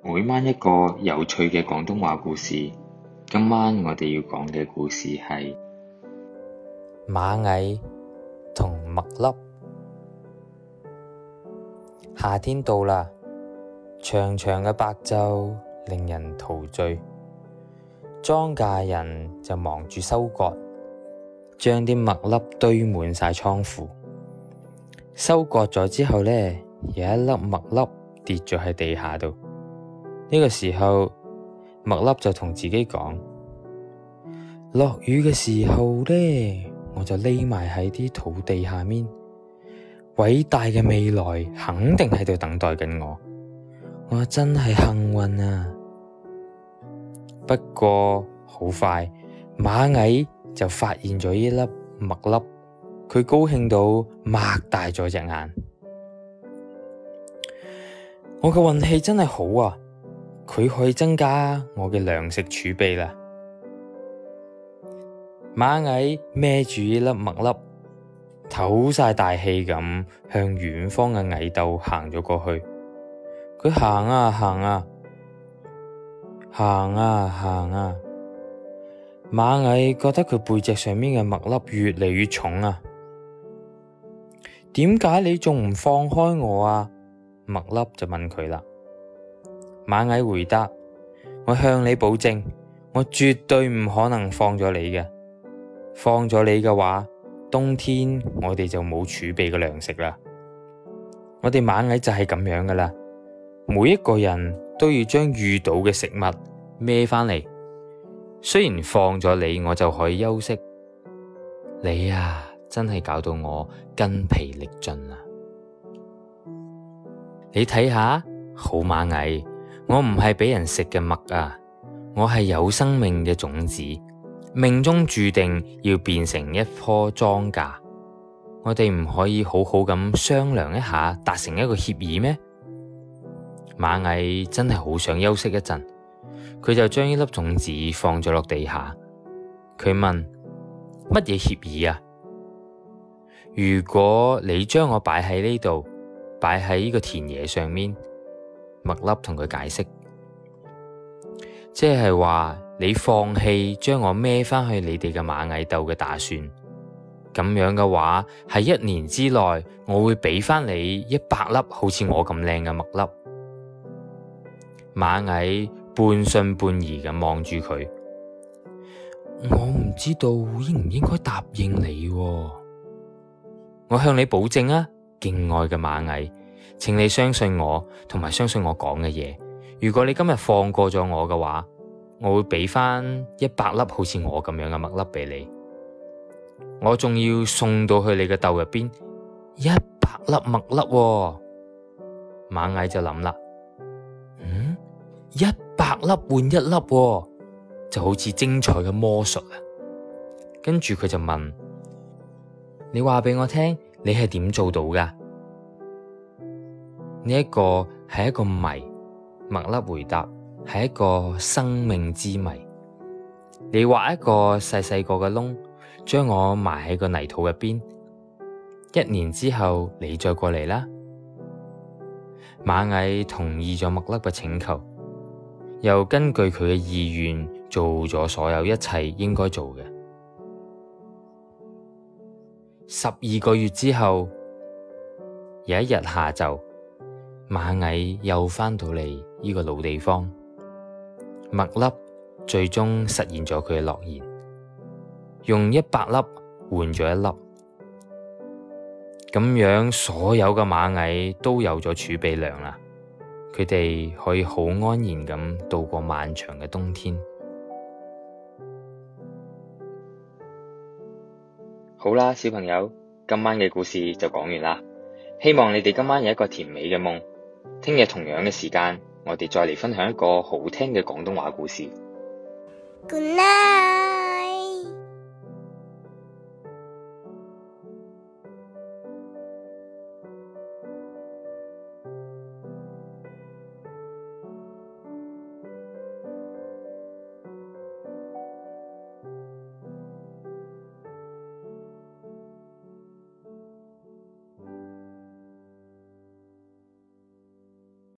每晚一個有趣嘅廣東話故事。今晚我哋要講嘅故事係螞蟻同麥粒。夏天到啦，長長嘅白晝令人陶醉，莊稼人就忙住收割，將啲麥粒堆滿晒倉庫。收割咗之後呢，有一粒麥粒跌咗喺地下度。呢個時候，麥粒就同自己講：落雨嘅時候呢，我就匿埋喺啲土地下面。偉大嘅未來肯定喺度等待緊我，我真係幸運啊！不過好快，螞蟻就發現咗呢粒麥粒，佢高興到擘大咗隻眼，我嘅運氣真係好啊！佢可以增加我嘅糧食儲備啦。螞蟻孭住呢粒麥粒，唞晒大氣咁向遠方嘅蟻竇行咗過去。佢行啊行啊，行啊行啊，啊。螞蟻覺得佢背脊上面嘅麥粒越嚟越重啊。點解你仲唔放開我啊？麥粒就問佢啦。螞蟻回答：我向你保證，我絕對唔可能放咗你嘅。放咗你嘅話，冬天我哋就冇儲備嘅糧食啦。我哋螞蟻就係咁樣噶啦，每一個人都要將遇到嘅食物孭返嚟。雖然放咗你，我就可以休息。你呀、啊，真係搞到我筋疲力盡啦！你睇下，好螞蟻。我唔係俾人食嘅麥啊，我係有生命嘅種子，命中注定要變成一棵莊稼。我哋唔可以好好咁商量一下，達成一個協議咩？螞蟻真係好想休息一陣，佢就將呢粒種子放咗落地下。佢問：乜嘢協議啊？如果你將我擺喺呢度，擺喺呢個田野上面。麥粒同佢解釋，即係話你放棄將我孭返去你哋嘅螞蟻竇嘅打算。咁樣嘅話，喺一年之內，我會畀返你一百粒好似我咁靚嘅麥粒。螞蟻半信半疑咁望住佢。我唔知道應唔應該答應你喎。我向你保證啊，敬愛嘅螞蟻。請你相信我，同埋相信我講嘅嘢。如果你今日放過咗我嘅話，我會畀翻一百粒好似我咁樣嘅麥粒畀你，我仲要送到去你嘅豆入邊一百粒麥粒喔。螞蟻就諗啦，嗯，一百粒換一粒喔，就好似精彩嘅魔術啊！跟住佢就問：你話畀我聽，你係點做到噶？呢一個係一個謎，麥粒回答係一個生命之謎。你挖一個細細個嘅窿，將我埋喺個泥土入邊，一年之後你再過嚟啦。螞蟻同意咗麥粒嘅請求，又根據佢嘅意願做咗所有一切應該做嘅。十二個月之後，有一日下晝。螞蟻又返到嚟，呢個老地方，麥粒最終實現咗佢嘅諾言，用一百粒換咗一粒，咁樣所有嘅螞蟻都有咗儲備糧啦，佢哋可以好安然咁度過漫長嘅冬天。好啦，小朋友，今晚嘅故事就講完啦，希望你哋今晚有一個甜美嘅夢。聽日同樣嘅時間，我哋再嚟分享一個好聽嘅廣東話故事。